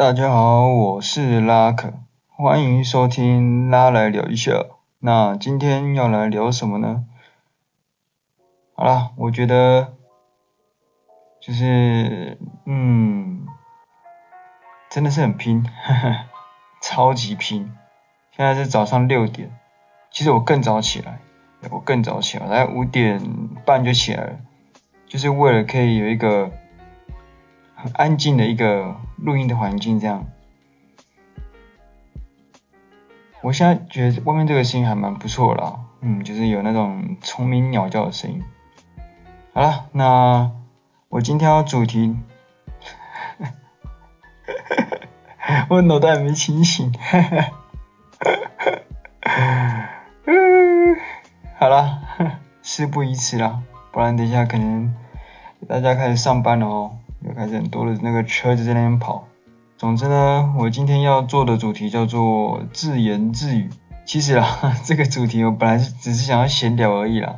大家好，我是拉克，歡迎收聽拉來聊一下。那今天要來聊什麼呢？好啦，我覺得就是嗯，真的是很拼，哈哈，超級拼。現在是早上六點，其實我更早起來，我更早起來，大概五點半就起來了，就是為了可以有一個。很安靜的一個錄音的環境，這樣。我現在覺得外面這個聲音還蠻不錯啦，嗯，就是有那種蟲鳴鳥叫的聲音。好了，那我今天要主題， 我腦袋還沒清醒，哈哈，嗯，好了，事不宜遲了，不然等一下可能大家開始上班了哦。又開始很多的那個車子，在那邊跑。總之呢，我今天要做的主題叫做自言自語。其實啊，這個主題我本來是只是想要閒聊而已啦，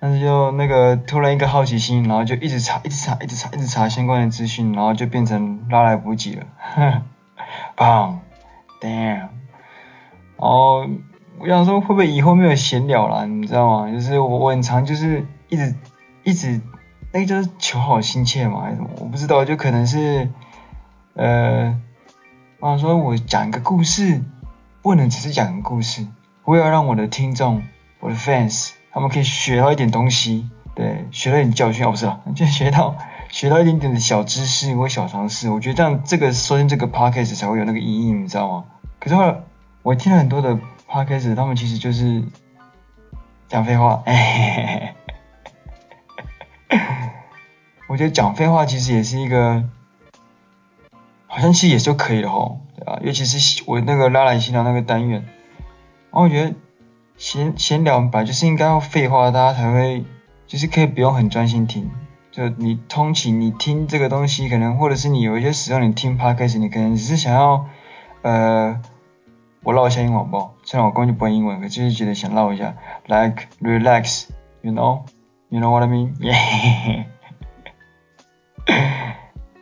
但是就那個突然一個好奇心，然後就一直查、一直查、一直查、一直查，一直查相關的資訊，然後就變成拉來補給了。棒 Damn 哦、oh,，我想說會不會以後沒有閒聊了？你知道嗎？就是我，我很常就是一直一直。那個、欸、就是求好心切嘛，還是什麼？我不知道，就可能是，呃，我、啊、想說我講個故事，不能只是講個故事，我要讓我的聽眾，我的 fans，他們可以學到一點東西，對，學到一點教訓，哦不是，就學到學到一點點的小知識或小常識，我覺得這樣這個收聽這個 podcast 才會有那個意義，你知道嗎？可是後來我聽了很多的 podcast，他們其實就是講廢話。欸嘿嘿嘿我覺得講廢話其實也是一個，好像其實也就可以了吼，對吧？尤其是我那個拉來閒聊那個單元，然後我覺得閒閒聊吧，就是應該要廢話，大家才會，就是可以不用很專心聽。就你通勤，你聽這個東西，可能或者是你有一些時候你聽 podcast，你可能只是想要，呃，我嘮一下英文吧，雖然我根本就不會英文，可是就是覺得想嘮一下，like relax，you know，you know what I mean？yeah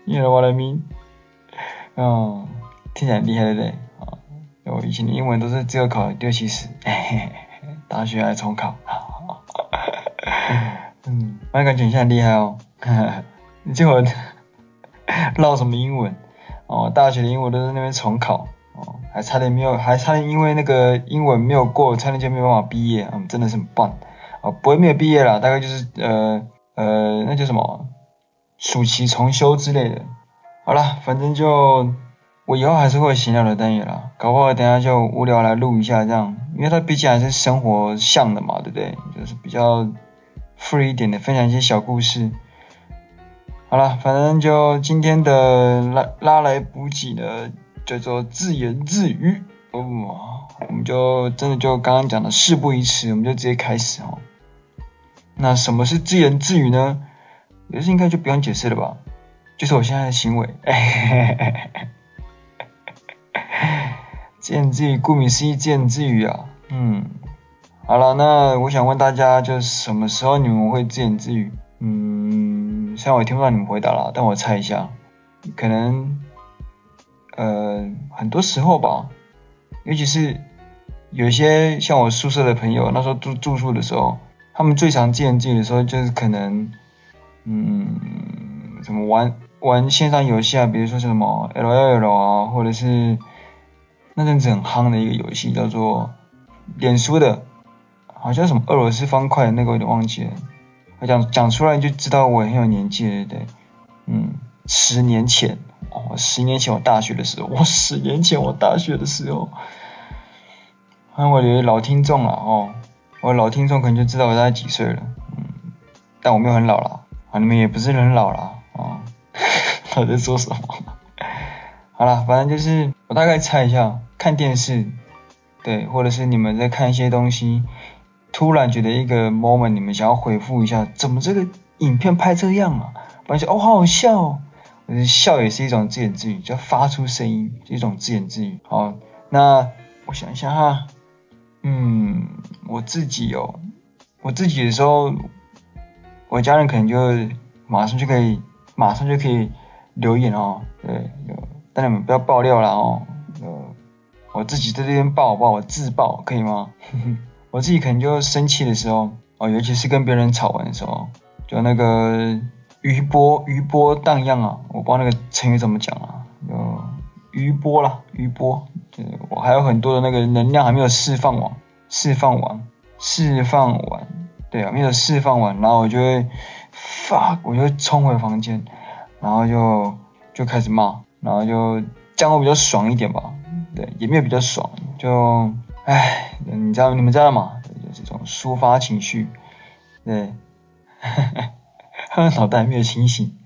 你知道我的名嗯，You know what I mean? oh, 聽起來很厲害，對不對？啊、oh,，我以前的英文都是只有考六七十， 大學還重考，嗯，我嗯，感覺你很厲害哦，哈哈。你這會嘮 什麼英文？哦、oh,，大學的英文都是在那邊重考，哦、oh,，還差點沒有，還差點因為那個英文沒有過，差點就沒有辦法畢業，啊、oh,，真的是很棒，啊、oh,，不會沒有畢業啦，大概就是呃呃，那叫什麼？暑期重修之類的，好了，反正就我以後還是會閒聊的單元啦，搞不好等下就無聊來錄一下這樣，因為它畢竟還是生活向的嘛，對不對？就是比較 free 一點點，分享一些小故事。好了，反正就今天的拉拉來補給的叫做自言自語，哦，我們就真的就剛剛講的事不宜遲，我們就直接開始哦。那什麼是自言自語呢？有些應該就不用解釋了吧？就是我現在的行為， 自言自語，顧名思義，自言自語啊。嗯，好了，那我想問大家，就是什麼時候你們會自言自語？嗯，雖然我聽不到你們回答了，但我猜一下，可能，呃，很多時候吧，尤其是有些像我宿舍的朋友，那時候住住宿的時候，他們最常自言自語的時候，就是可能。嗯，怎麼玩玩線上遊戲啊？比如說什麼 LOL 啊，或者是那陣子很夯的一個遊戲叫做臉書的，好像什麼俄羅斯方塊，那個我有點忘記了。我講講出來就知道我很有年紀了，對，嗯，十年前哦，十年前我大學的時候，我十年前我大學的時候，還有我的老聽眾啊，哦，我老聽眾可能就知道我大概幾歲了，嗯，但我沒有很老了。啊、你們也不是很老了啊，我在做什麼？好了，反正就是我大概猜一下，看電視，對，或者是你們在看一些東西，突然覺得一個 moment，你們想要回復一下，怎麼這個影片拍這樣啊？反正就哦，好好笑，哦，笑也是一種自言自語，就發出聲音，就一種自言自語。好，那我想一下哈，啊，嗯，我自己哦，我自己的時候。我家人可能就馬上就可以，馬上就可以留言哦。對，就但你們不要爆料了哦就。我自己在這邊爆爆？自我自爆可以嗎？ 我自己可能就生氣的時候，哦，尤其是跟別人吵完的時候，就那個餘波餘波蕩漾啊，我不知道那個成語怎麼講啊，就餘波啦，餘波就。我還有很多的那個能量還沒有釋放完，釋放完，釋放完。對啊，沒有釋放完，然後我就會發，我就衝回房間，然後就就開始罵，然後就這樣會比較爽一點吧。對，也沒有比較爽，就唉，你知道，你們知道嗎？就是、這種抒發情緒，對，呵呵，腦袋沒有清醒，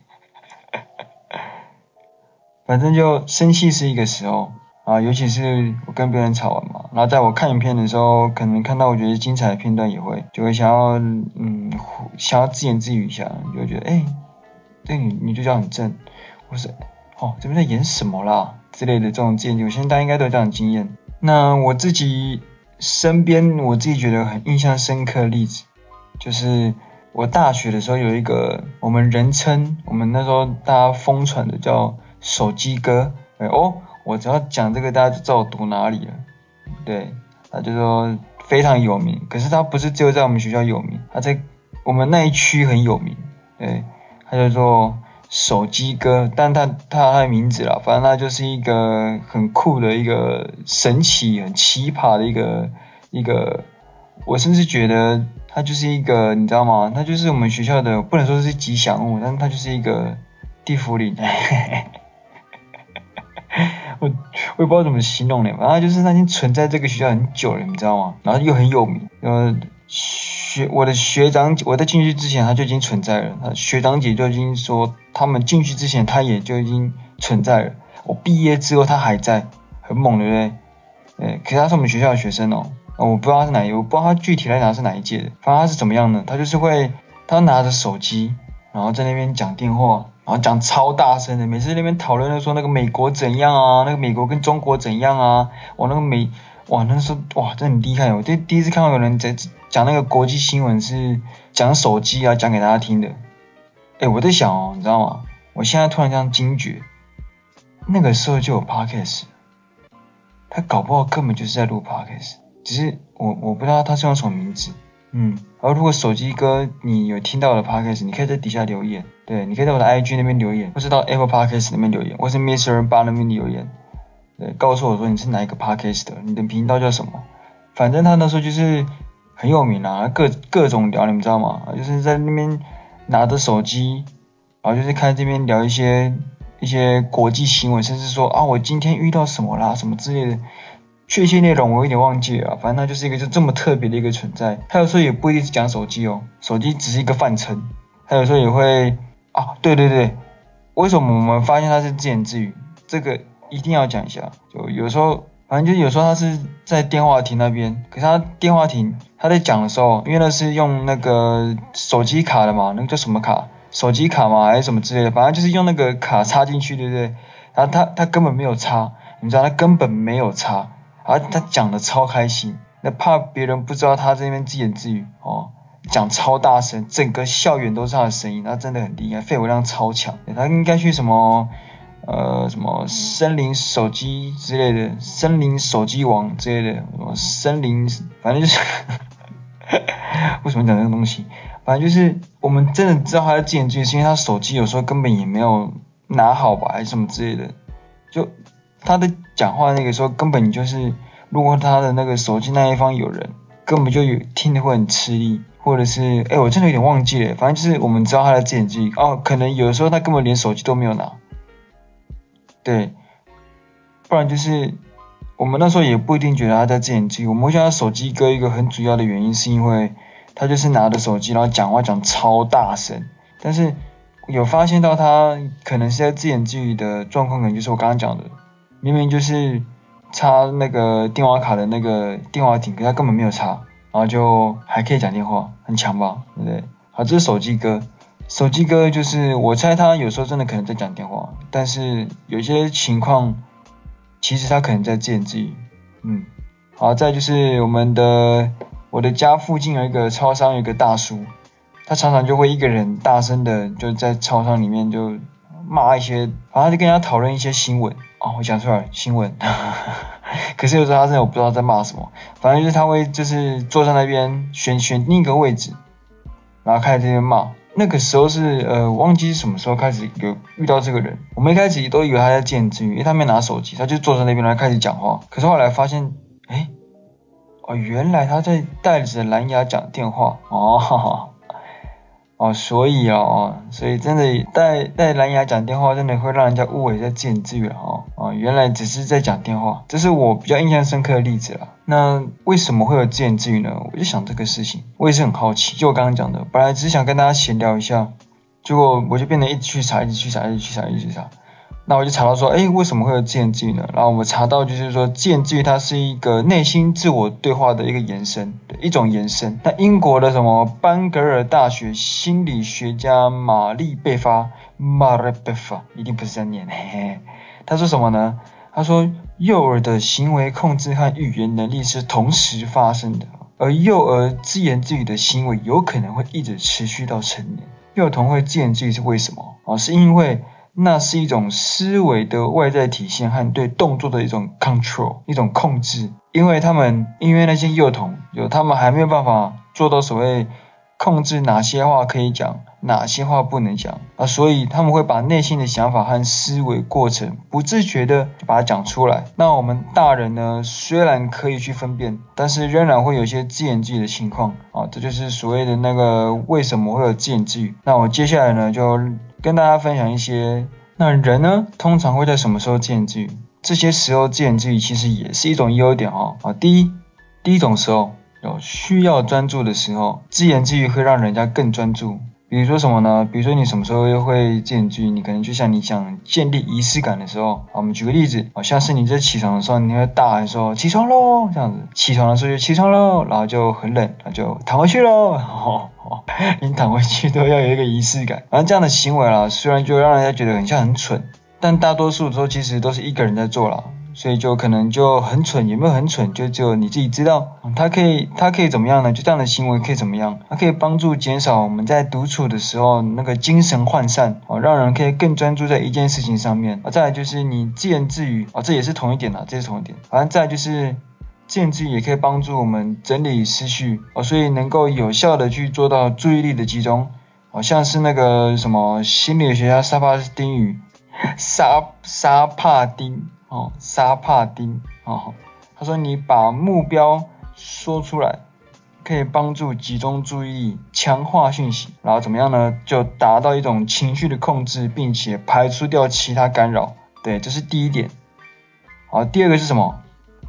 反正就生氣是一個時候。啊，尤其是我跟別人吵完嘛，然後在我看影片的時候，可能看到我覺得精彩的片段，也會就會想要嗯想要自言自語一下，就會覺得哎、欸，這女女就叫很正，或是哦這邊在演什麼啦之類的這種經歷，我相信大家應該都有這樣的經驗。那我自己身邊我自己覺得很印象深刻的例子，就是我大學的時候有一個我們人稱我們那時候大家瘋傳的叫手機哥、哎，哦。我只要講這個，大家就知道我讀哪裡了。對，他就說非常有名，可是他不是只有在我們學校有名，他在我們那一區很有名。對，他叫做手機哥，但他他，他，他的名字啦，反正他就是一個很酷的一個神奇，很奇葩的一個一個。我甚至覺得他就是一個，你知道嗎？他就是我們學校的不能說是吉祥物，但他就是一個地縛靈。 我我也不知道怎麼形容嘞，反、啊、正就是他已經存在這個學校很久了，你知道嗎？然後又很有名，然、呃、後學我的學長，我在進去之前他就已經存在了，他學長姐就已經說他們進去之前他也就已經存在了。我畢業之後他還在，很猛，對不對？哎、欸，可是他是我們學校的學生哦，啊、我不知道他是哪一，我不知道他具體來講是哪一屆的，反正他是怎麼樣呢？他就是會他拿着手機，然後在那邊講電話。然後講超大聲的，每次在那邊討論的說那個美國怎樣啊，那個美國跟中國怎樣啊，我那個美，哇那個時候哇真的很厲害，我第第一次看到有人在講那個國際新聞是講手機啊講給大家聽的，哎我在想哦你知道嗎？我現在突然這樣驚覺，那個時候就有 Podcast，他搞不好根本就是在錄 Podcast，只是我我不知道他是用什麼名字，嗯。然後如果手機哥你有聽到的 Podcast 你可以在底下留言，對，你可以在我的 IG 那邊留言，或者是到 Apple Podcast 那邊留言，或者是 Mr8 那邊留言，對，告訴我說你是哪一個 Podcast 的，你的頻道叫什麼？反正他那時候就是很有名啦，啊，各各種聊，你們知道嗎？就是在那邊拿着手機，啊，就是看這邊聊一些一些國際新聞，甚至說啊，我今天遇到什麼啦，什麼之類的。確切內容我有點忘記了啊，反正他就是一個就這麼特別的一個存在。他有時候也不一定是講手機哦，手機只是一個範疇。他有時候也會啊，對對對，為什麼我們發現他是自言自語？這個一定要講一下。就有時候，反正就有時候他是在電話亭那邊，可是他電話亭他在講的時候，因為那是用那個手機卡的嘛，那個叫什麼卡？手機卡嘛還是什麼之類的，反正就是用那個卡插進去，對不對？然後他他根本沒有插，你知道他根本沒有插。而他講的超開心，那怕別人不知道他在那邊自言自語哦，講超大聲，整個校園都是他的聲音，他真的很厲害，肺活量超強。他應該去什麼呃什麼森林手機之類的，森林手機王之類的，什麼森林，反正就是，呵呵為什麼講這個東西？反正就是我們真的知道他在自言自語，是因為他手機有時候根本也沒有拿好吧，還是什麼之類的，就。他的講話那個時候根本就是，如果他的那個手機那一方有人，根本就有聽得會很吃力，或者是哎、欸、我真的有點忘記了，反正就是我們知道他在自言自語哦，可能有的時候他根本連手機都沒有拿，對，不然就是我們那時候也不一定覺得他在自言自語，我們會叫他手機哥一個很主要的原因是因為他就是拿着手機然後講話講超大聲，但是有發現到他可能是在自言自語的狀況，可能就是我剛剛講的。明明就是插那個電話卡的那個電話亭，可他根本沒有插，然後就還可以講電話，很強吧？對不對？好，這是手機哥。手機哥就是我猜他有時候真的可能在講電話，但是有些情況其實他可能在自言自語。嗯，好，再就是我們的我的家附近有一個超商，有一個大叔，他常常就會一個人大聲的就在超商裡面就罵一些，然後就跟人家討論一些新聞。哦，我講出來，新聞。 可是有時候他真的我不知道在罵什麼，反正就是他會就是坐在那邊選選另一個位置，然後開始在罵。那個時候是呃，忘記是什麼時候開始有遇到這個人。我們一開始都以為他在建資源，因為他沒拿手機，他就坐在那邊來開始講話。可是後來發現，哎，哦，原來他在帶着藍牙講電話。哦。哈哈哦，所以啊，啊，所以真的戴戴藍牙講電話，真的會讓人家誤會在自言自語了啊。哦哦、原來只是在講電話，這是我比較印象深刻的例子啦。那為什麼會有自言自語呢？我就想這個事情，我也是很好奇。就我剛剛講的，本來只是想跟大家閒聊一下，結果我就變得一直去查，一直去查，一直去查，一直去查。那我就查到說，誒，為什麼會有自言自語呢？然後我們查到就是說，自言自語它是一個內心自我對話的一個延伸，一種延伸。那英國的什麼班格爾大學心理學家瑪麗貝發，瑪麗貝發一定不是在念，嘿嘿。他說什麼呢？他說幼兒的行為控制和語言能力是同時發生的，而幼兒自言自語的行為有可能會一直持續到成年。幼兒童會自言自語是為什麼啊？是因為。那是一種思維的外在體現和對動作的一種 control，一種控制。因為他們，因為那些幼童有他們還沒有辦法做到所謂控制哪些話可以講，哪些話不能講啊，所以他們會把內心的想法和思維過程不自覺的就把它講出來。那我們大人呢，雖然可以去分辨，但是仍然會有一些自言自語的情況啊，這就是所謂的那個為什麼會有自言自語。那我接下來呢就。跟大家分享一些，那人呢，通常會在什麼時候自言自語？這些時候自言自語其實也是一種優點哦。啊，第一，第一種時候有需要專注的時候，自言自語會讓人家更專注。比如說什麼呢？比如說你什麼時候又會自言自語？你可能就像你想建立儀式感的時候。我們舉個例子好，像是你在起床的時候，你會大喊說“起床嘍”這樣子。起床的時候就起床嘍，然後就很冷，那就躺回去嘍。你躺回去都要有一個儀式感，反正這樣的行為啦，雖然就讓人家覺得很像很蠢，但大多數時候其實都是一個人在做啦，所以就可能就很蠢，有沒有很蠢，就只有你自己知道、嗯。他可以，他可以怎麼樣呢？就這樣的行為可以怎麼樣？他可以幫助減少我們在獨處的時候那個精神渙散哦，讓人可以更專注在一件事情上面。啊、哦，再來就是你自言自語啊、哦，這也是同一點啊，這是同一點。反正再來就是。甚至也可以幫助我們整理思緒哦，所以能夠有效的去做到注意力的集中，好像是那個什麼心理學家薩帕斯丁語、沙沙帕丁哦，沙帕丁哦，他說你把目標說出來，可以幫助集中注意力，強化訊息，然後怎麼樣呢？就達到一種情緒的控制，並且排除掉其他干擾。對，這是第一點。好，第二個是什麼？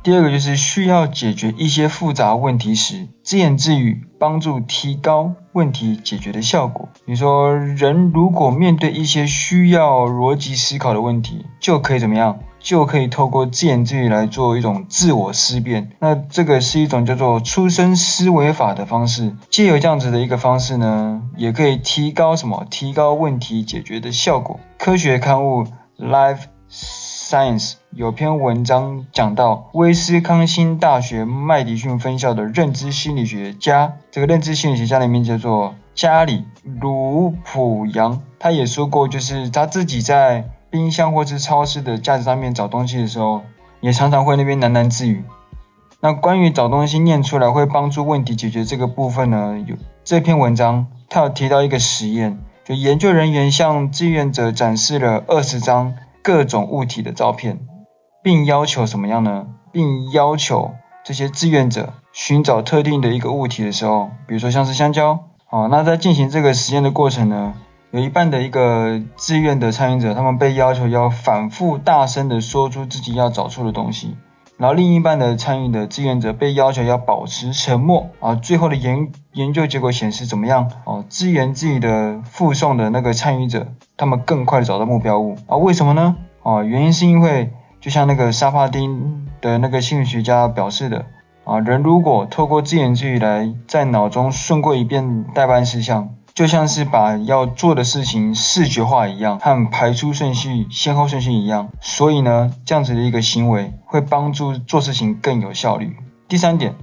第二個就是需要解決一些複雜問題時，自言自語幫助提高問題解決的效果。你說，人如果面對一些需要邏輯思考的問題，就可以怎麼樣？就可以透過自言自語來做一種自我思辨。那這個是一種叫做出聲思維法的方式。借由這樣子的一個方式呢，也可以提高什麼？提高問題解決的效果。科學刊物《Life》。Science 有篇文章講到威斯康星大學麥迪遜分校的認知心理學家，這個認知心理學家裡面叫做加里盧普揚，他也說過，就是他自己在冰箱或是超市的架子上面找東西的時候，也常常會那邊喃喃自語。那關於找東西念出來會幫助問題解決這個部分呢，有這篇文章他有提到一個實驗，就研究人員向志願者展示了二十張。各種物體的照片，並要求什麼樣呢？並要求這些志願者尋找特定的一個物體的時候，比如說像是香蕉。好，那在進行這個實驗的過程呢，有一半的一個志願的參與者，他們被要求要反覆大聲的說出自己要找出的東西。然後另一半的參與的志願者被要求要保持沉默啊。最後的研研究結果顯示怎麼樣？哦、啊，支援自言自語的複誦的那個參與者，他們更快的找到目標物啊。為什麼呢？哦、啊，原因是因為就像那個沙發丁的那個心理學家表示的啊，人如果透過自言自語來在腦中順過一遍待辦事項。就像是把要做的事情視覺化一樣，和排出順序、先後順序一樣，所以呢，這樣子的一個行為會幫助做事情更有效率。第三點，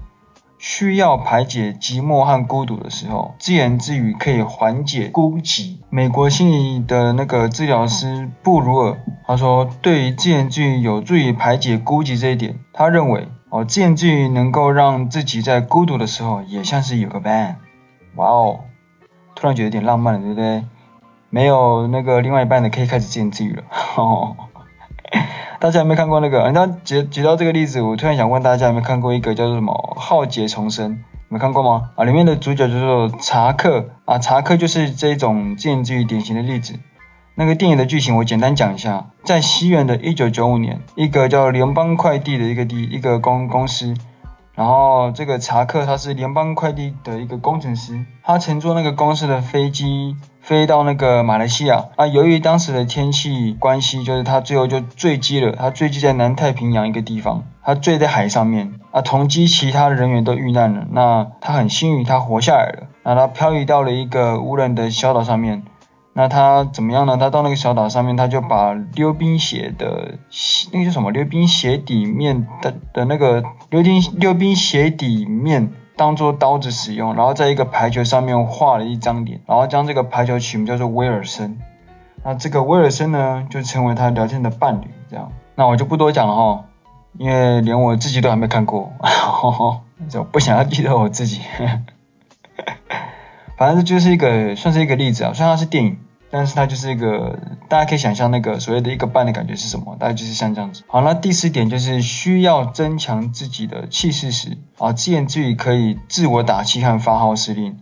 需要排解寂寞和孤獨的時候，自言自語可以緩解孤寂。美國心理的那個治療師布魯爾他說，對於自言自語有助於排解孤寂這一點，他認為哦，自言自語能夠讓自己在孤獨的時候也像是有個伴。哇哦！突然覺得有點浪漫了，對不對？沒有那個另外一半的可以開始自言自語了。呵呵，大家有沒有看過那個？啊、人家舉舉到這個例子，我突然想問大家有沒有看過一個叫做什麼《浩劫重生》？你們看過嗎？啊，裡面的主角就是查克啊，查克就是這種自言自語典型的例子。那個電影的劇情我簡單講一下，在西元的一九九五年，一個叫聯邦快遞的一個地一個公公司。然後這個查克他是聯邦快遞的一個工程師，他乘坐那個公司的飛機飛到那個馬來西亞啊，由於當時的天氣關係，就是他最後就墜機了，他墜機在南太平洋一個地方，他墜在海上面啊，同機其他的人員都遇難了，那他很幸運，他活下來了，那他漂移到了一個無人的小島上面。那他怎麼樣呢？他到那個小島上面，他就把溜冰鞋的，那個叫什麼？溜冰鞋底面的的那個溜冰溜冰鞋底面當做刀子使用，然後在一個排球上面畫了一張臉，然後將這個排球取名叫做威爾森。那這個威爾森呢，就成為他聊天的伴侶。這樣，那我就不多講了哈，因為連我自己都還沒看過，哈哈，就不想要記得我自己。呵呵，反正這就是一個算是一個例子啊，雖然它是電影。但是它就是一個，大家可以想象那個所謂的一個半的感覺是什麼，大概就是像這樣子。好，那第四點就是需要增強自己的氣勢時啊、呃，自言自語可以自我打氣和發號施令。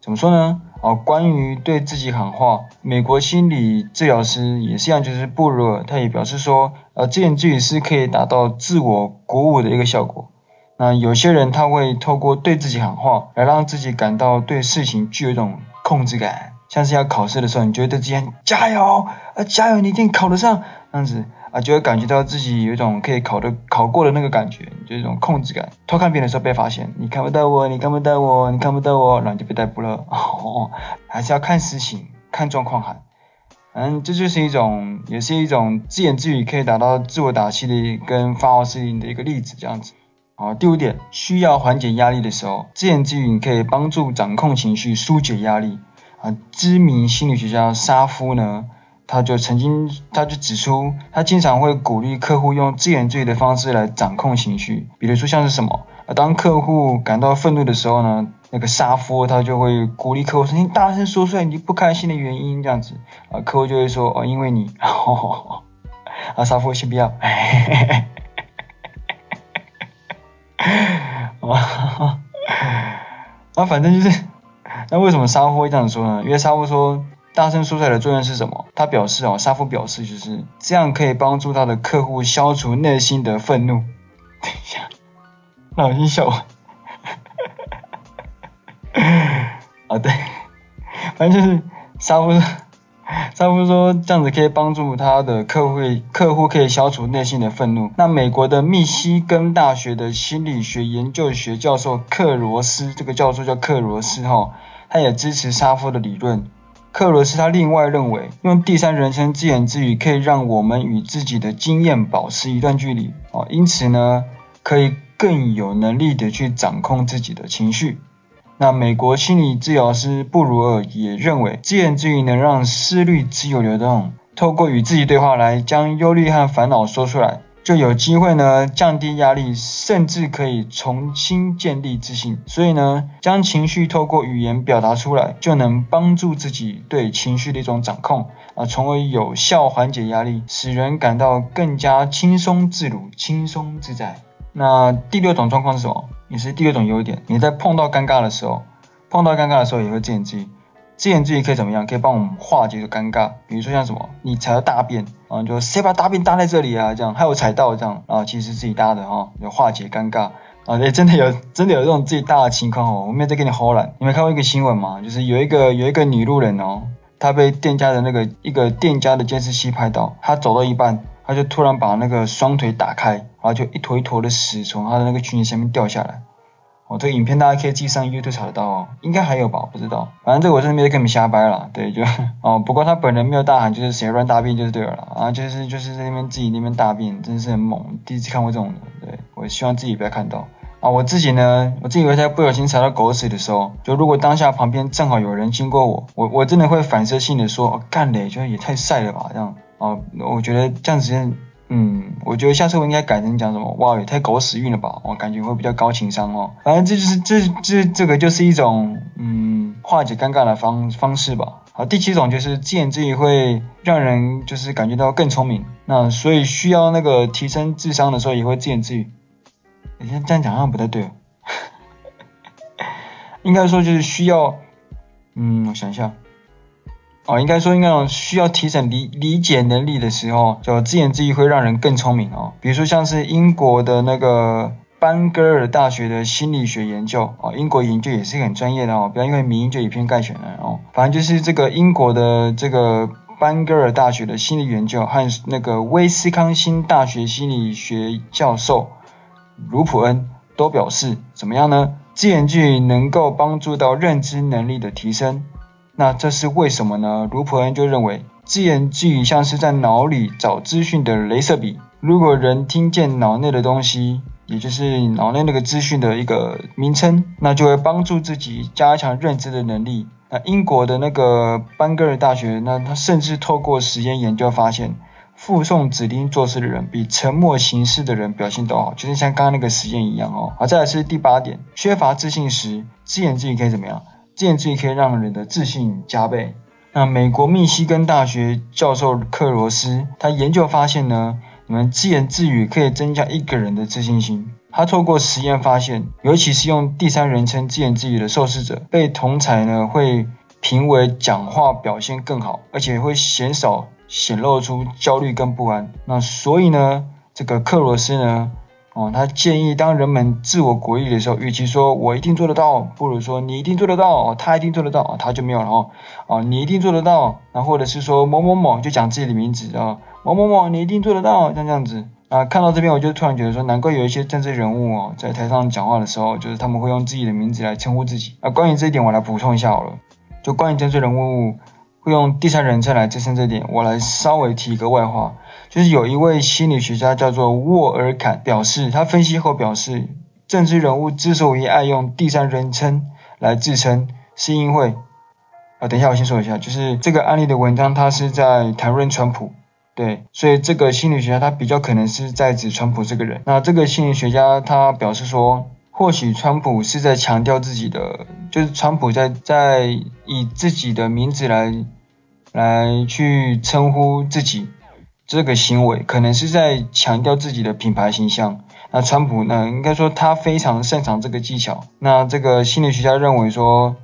怎麼說呢？啊、呃，關於對自己喊話，美國心理治療師也是一樣，就是布魯爾他也表示說，呃，自言自語是可以達到自我鼓舞的一個效果。那有些人他會透過對自己喊話來讓自己感到對事情具有一種控制感。像是要考試的時候，你覺得自己加油啊，加油，你一定考得上，這樣子啊，就會感覺到自己有一種可以考的考過的那個感覺，就是一種控制感。偷看片的時候被發現，你看不到我，你看不到我，你看不到我，然後就被逮捕了。哦，還是要看事情，看狀況哈。反正這就是一種，也是一種自言自語可以達到自我打氣的跟發號施令的一個例子這樣子。好，第五點，需要緩解壓力的時候，自言自語你可以幫助掌控情緒，疏解壓力。啊，知名心理學家沙夫呢，他就曾經，他就指出，他經常會鼓勵客戶用自言自語的方式來掌控情緒，比如說像是什麼，啊、當客戶感到憤怒的時候呢，那個沙夫他就會鼓勵客戶說，你、哎、大聲說出來你不開心的原因這樣子，啊，客戶就會說，哦，因為你，呵呵呵啊，沙夫是比較， 啊，反正就是。那為什麼沙夫會這樣說呢？因為沙夫說大聲說出來的作用是什麼？他表示啊、哦，沙夫表示就是這樣可以幫助他的客戶消除內心的憤怒。等一下，讓我先笑。啊對，反正就是沙夫說，沙夫說這樣子可以幫助他的客戶，客戶可以消除內心的憤怒。那美國的密西根大學的心理學研究學教授克羅斯，這個教授叫克羅斯哈、哦。他也支持沙夫的理論。克羅斯他另外認為，用第三人稱自言自語可以讓我們與自己的經驗保持一段距離，哦，因此呢，可以更有能力的去掌控自己的情緒。那美國心理治療師布魯爾也認為，自言自語能讓思慮自由流動，透過與自己對話來將憂慮和煩惱說出來。就有機會呢，降低壓力，甚至可以重新建立自信。所以呢，將情緒透過語言表達出來，就能幫助自己對情緒的一種掌控啊，而從而有效緩解壓力，使人感到更加輕鬆自如、輕鬆自在。那第六種狀況是什麼？也是第六種優點，你在碰到尷尬的時候，碰到尷尬的時候也會自言自語。自言自語可以怎麼樣？可以幫我們化解個尷尬，比如說像什麼，你踩到大便啊，就誰把大便搭在這裡啊？這樣還有踩到這樣啊，其實是自己搭的哈、哦，就化解尷尬啊。哎，真的有，真的有這種自己搭的情況哦。我沒有在跟你唬爛。你沒看過一個新聞嗎？就是有一個有一個女路人哦，她，被店家的那個一個店家的監視器拍到，她走到一半，她就突然把那個雙腿打開，然後就一坨一坨的屎從她的那個裙子下面掉下來。我、哦、這個影片大家可以自己上 YouTube 查得到哦，應該還有吧，不知道。反正這個我真的沒有跟你們瞎掰了，對，就哦。不過他本人沒有大喊，就是誰亂大便就是對了啊，就是就是在那邊自己那邊大便，真的是很猛。第一次看過這種的，對，我希望自己不要看到啊。我自己呢，我自己以為他不小心踩到狗屎的時候，就如果當下旁邊正好有人經過我，我我真的會反射性的說、哦，幹嘞，就是也太衰了吧這樣啊、哦。我覺得這樣子。嗯，我覺得下次我應該改成講什麼，哇，也太狗屎運了吧，我感覺會比較高情商哦。反正這就是這這這個就是一種，嗯，化解尷尬的方方式吧。好，第七種就是自言自語會讓人就是感覺到更聰明，那所以需要那個提升智商的時候也會自言自語。你、欸、先這樣講好像不太對 應該說就是需要，嗯，我想一下。哦，應該說，應該需要提升理理解能力的時候，就自言自語會讓人更聰明哦。比如說，像是英國的那個班戈爾大學的心理學研究，哦，英國研究也是很專業的哦，不要因為迷因就以偏概全了哦。反正就是這個英國的這個班戈爾大學的心理研究和那個威斯康星大學心理學教授盧普恩都表示，怎麼樣呢？自言自語能夠幫助到認知能力的提升。那這是為什麼呢？盧普恩就認為，自言自語像是在腦裡找資訊的鐳射筆。如果人聽見腦內的東西，也就是腦內那個資訊的一個名稱，那就會幫助自己加強認知的能力。那英國的那個班戈爾大學呢，他甚至透過實驗研究發現，複誦指令做事的人比沉默行事的人表現都好，就是像剛剛那個實驗一樣哦。好，再來是第八點，缺乏自信時，自言自語可以怎麼樣？自言自語可以讓人的自信加倍。那美國密西根大學教授克羅斯，他研究發現呢，你們自言自語可以增加一個人的自信心。他透過實驗發現，尤其是用第三人稱自言自語的受試者，被同才呢會評為講話表現更好，而且會鮮少顯露出焦慮跟不安。那所以呢，這個克羅斯呢。哦，他建議當人們自我鼓勵的時候，與其說我一定做得到，不如說你一定做得到，哦、他一定做得到，哦、他就沒有了哦。啊，你一定做得到，然後或者是說某某某就講自己的名字啊、哦，某某某你一定做得到，像這樣子。啊，看到這邊我就突然覺得說，難怪有一些政治人物哦，在台上講話的時候，就是他們會用自己的名字來稱呼自己。啊，關於這一點，我來補充一下好了，就關於政治人物。會用第三人稱來自稱這點，我來稍微提一個外話，就是有一位心理學家叫做沃爾坎，表示他分析後表示，政治人物之所以愛用第三人稱來自稱，是因為，啊，等一下我先說一下，就是這個案例的文章他是在談論川普，對，所以這個心理學家他比較可能是在指川普這個人。那這個心理學家他表示說。或許川普是在強調自己的，就是川普在在以自己的名字來來去稱呼自己，這個行為可能是在強調自己的品牌形象。那川普呢，應該說他非常擅長這個技巧。那這個心理學家認為說，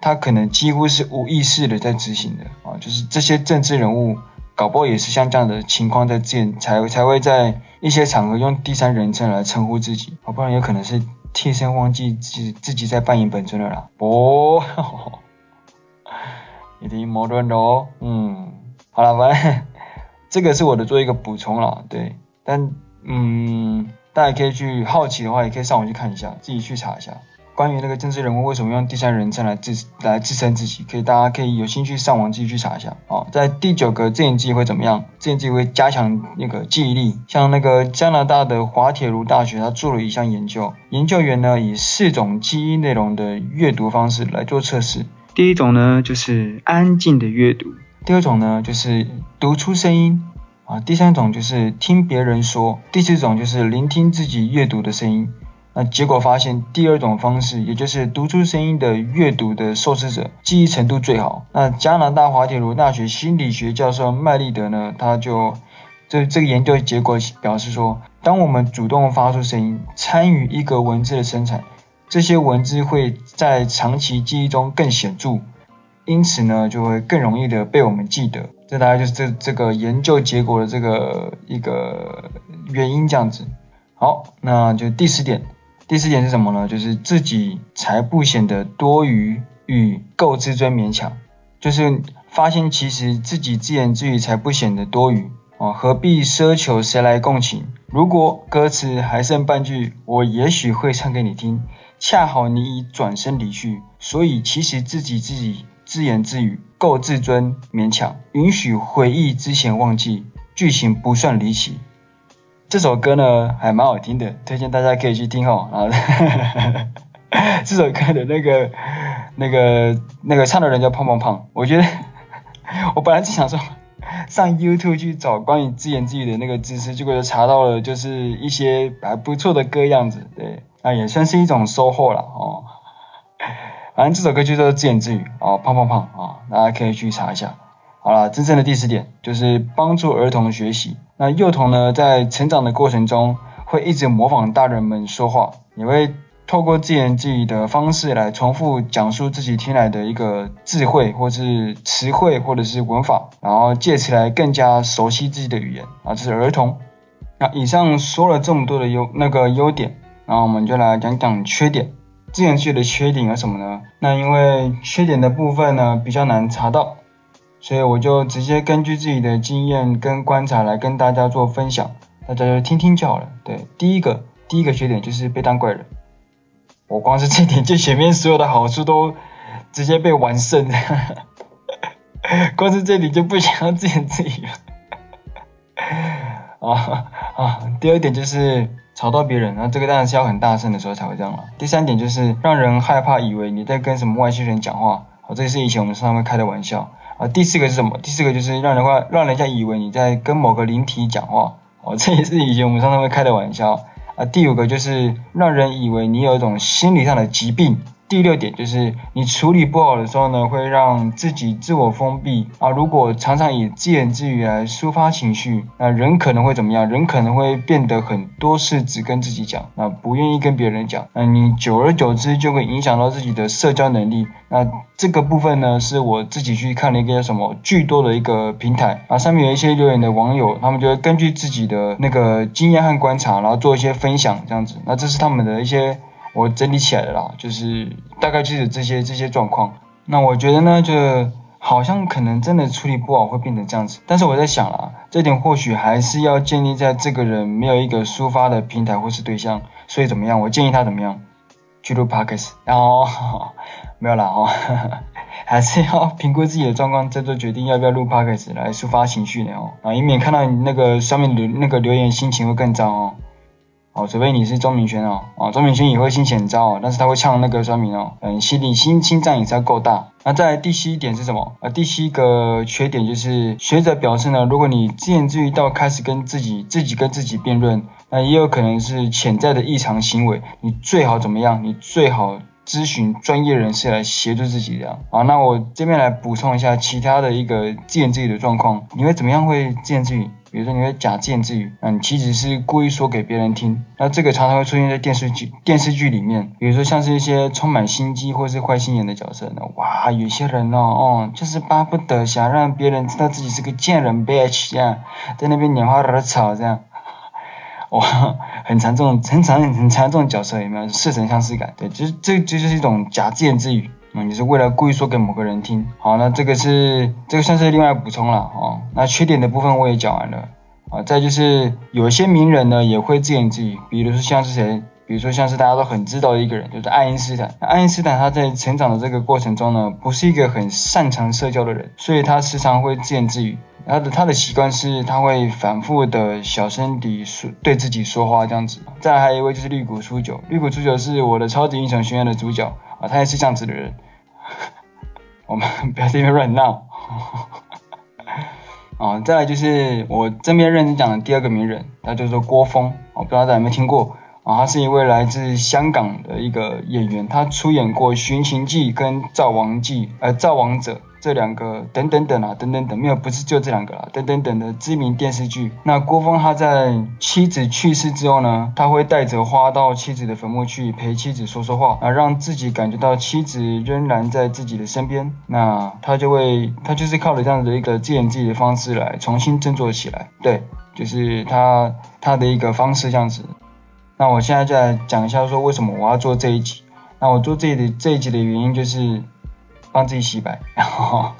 他可能幾乎是無意識的在執行的啊，就是這些政治人物，搞不好也是像這樣的情況，在見才才會在一些場合用第三人稱來稱呼自己，好，不然有可能是替身忘記自己自己在扮演本尊了啦。哦，有點矛盾的哦。嗯，好了，反正這個是我的做一個補充了。對，但嗯，大家可以去好奇的話，也可以上網去看一下，自己去查一下。關於那個政治人物為什麼用第三人稱來自來自稱自己，可以大家可以有興趣上網自己去查一下哦。在第九個自言自語，會怎麼樣？自言自語會加強那個記憶力。像那個加拿大的滑鐵盧大學，他做了一項研究，研究員呢以四種記憶內容的閱讀方式來做測試。第一種呢就是安靜的閱讀，第二種呢就是讀出聲音啊，第三種就是聽別人說，第四種就是聆聽自己閱讀的聲音。那結果發現，第二種方式，也就是讀出聲音的閱讀的受試者，記憶程度最好。那加拿大滑鐵盧大學心理學教授麥利德呢，他就這這個研究結果表示說，當我們主動發出聲音，參與一個文字的生產，這些文字會在長期記憶中更顯著，因此呢，就會更容易的被我們記得。這大概就是這這個研究結果的這個一個原因這樣子。好，那就第十點。第四點是什麼呢？就是自己才不顯得多餘與夠自尊勉強，就是發現其實自己自言自語才不顯得多餘啊，何必奢求誰來共情？如果歌詞還剩半句，我也許會唱給你聽，恰好你已轉身離去。所以其實自己自己自言自語夠自尊勉強，允許回憶之前忘記，劇情不算離奇。這首歌呢還蠻好聽的，推薦大家可以去聽哦。然後呵呵這首歌的那個、那個、那個唱的人叫胖胖胖，我覺得我本來是想說上 YouTube 去找關於自言自語的那個知識，結果就查到了就是一些還不錯的歌樣子，對，那、啊、也算是一種收穫了哦。反正這首歌就叫做自言自語，哦胖胖胖啊、哦，大家可以去查一下。好了，真正的第四點就是幫助兒童學習。那幼童呢，在成長的過程中會一直模仿大人們說話，也會透過自言自語的方式來重複講述自己聽來的一個智慧，或是詞彙，或者是文法，然後借此來更加熟悉自己的語言啊。這是兒童。那以上說了這麼多的優那個優點，然後我們就來講講缺點。自言自語的缺點有什麼呢？那因為缺點的部分呢，比較難查到。所以我就直接根據自己的經驗跟觀察來跟大家做分享，大家就聽聽就好了。對，第一個第一個缺點就是被當怪人，我光是這點就前面所有的好處都直接被完勝，呵呵，光是這點就不想要自言自語了。啊啊，第二點就是吵到別人，那這個當然是要很大聲的時候才會這樣了。第三點就是讓人害怕，以為你在跟什麼外星人講話。哦，這是以前我們上面開的玩笑。啊，第四個是什麼？第四個就是讓人話讓人家以為你在跟某個靈體講話，哦，這也是以前我們常常會開的玩笑。啊，第五個就是讓人以為你有一種心理上的疾病。第六點就是你處理不好的時候呢，會讓自己自我封閉啊。如果常常以自言自語來抒發情緒，那人可能會怎麼樣？人可能會變得很多事只跟自己講，那不願意跟別人講。那你久而久之就會影響到自己的社交能力。那這個部分呢，是我自己去看了一個什麼劇多的一個平台啊，上面有一些留言的網友，他們就會根據自己的那個經驗和觀察，然後做一些分享，這樣子。那這是他們的一些。我整理起來的啦，就是大概就是這些這些狀況。那我覺得呢，就好像可能真的處理不好會變成這樣子。但是我在想了，這點或許還是要建立在這個人沒有一個抒發的平台或是對象，所以怎麼樣？我建議他怎麼樣，去錄 Podcast。然後沒有了哦，還是要評估自己的狀況再做決定要不要錄 Podcast 來抒發情緒呢哦，啊，以免看到你那個上面留那個留言心情會更糟哦。哦，除非你是鍾明軒哦，哦，鍾明軒也會新顯招哦，但是他會嗆那個酸民哦，嗯，心心心臟也需要夠大。那在第七點是什麼？呃、啊，第七個缺點就是學者表示呢，如果你自言自語到開始跟自己自己跟自己辯論，那也有可能是潛在的異常行為。你最好怎麼樣？你最好諮詢專業人士來協助自己的啊，那我這邊來補充一下其他的一個自言自語的狀況，你會怎麼樣會自言自語？比如說你的假自言自語，嗯，其實是故意說給別人聽。那這個常常會出現在電視劇電視劇裡面，比如說像是一些充滿心機或是壞心眼的角色呢，哇，有些人呢、哦，哦，就是巴不得想讓別人知道自己是個賤人 bitch 在那邊拈花惹草這樣，哇，很常這種很常很常這種角色有沒有似曾相識感？對，就是這就就，就就是一種假自言自語。你是為了故意說給某個人聽。好，那這個是這個算是另外補充了啊。那缺點的部分我也講完了啊。再就是有些名人呢也會自言自語，比如說像是誰，比如說像是大家都很知道的一個人，就是愛因斯坦。愛因斯坦他在成長的這個過程中呢，不是一個很擅長社交的人，所以他時常會自言自語。他的他的習慣是他會反復的小聲地說對自己說話這樣子。再來還有一位就是綠谷出久，綠谷出久是我的超級英雄學院的主角。啊、他也是這樣子的人， 我們不要這邊亂鬧。 啊，再來就是我正面認真講的第二個名人，他就是郭鋒。我、啊、不知道大家有沒有聽過啊？他是一位來自香港的一個演員，他出演過《尋秦記》跟《造王記》，呃，《造王者》。這兩個等等等啊，等等等沒有，不是就這兩個啦，等等等的知名電視劇。那郭鋒他在妻子去世之後呢，他會帶着花到妻子的墳墓去陪妻子說說話，而、啊、讓自己感覺到妻子仍然在自己的身邊。那他就會他就是靠着這樣的一個自言自語的方式來重新振作起來。對，就是他他的一個方式這樣子。那我現在再講一下說，為什麼我要做這一集。那我做這裡這一集的原因就是。幫自己洗白，然後。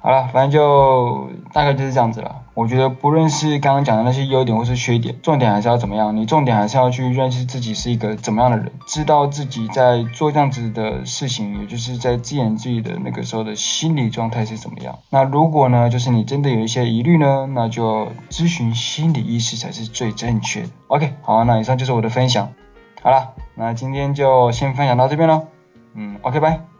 好了，反正就大概就是這樣子了。我覺得不論是剛剛講的那些優點或是缺點，重點還是要怎麼樣？你重點還是要去認識自己是一個怎麼樣的人，知道自己在做這樣子的事情，也就是在自言自語的那個時候的心理狀態是怎麼樣。那如果呢，就是你真的有一些疑慮呢，那就諮詢心理醫師才是最正確的。OK，好啊，那以上就是我的分享。好了，那今天就先分享到這邊嘍嗯，OK，拜。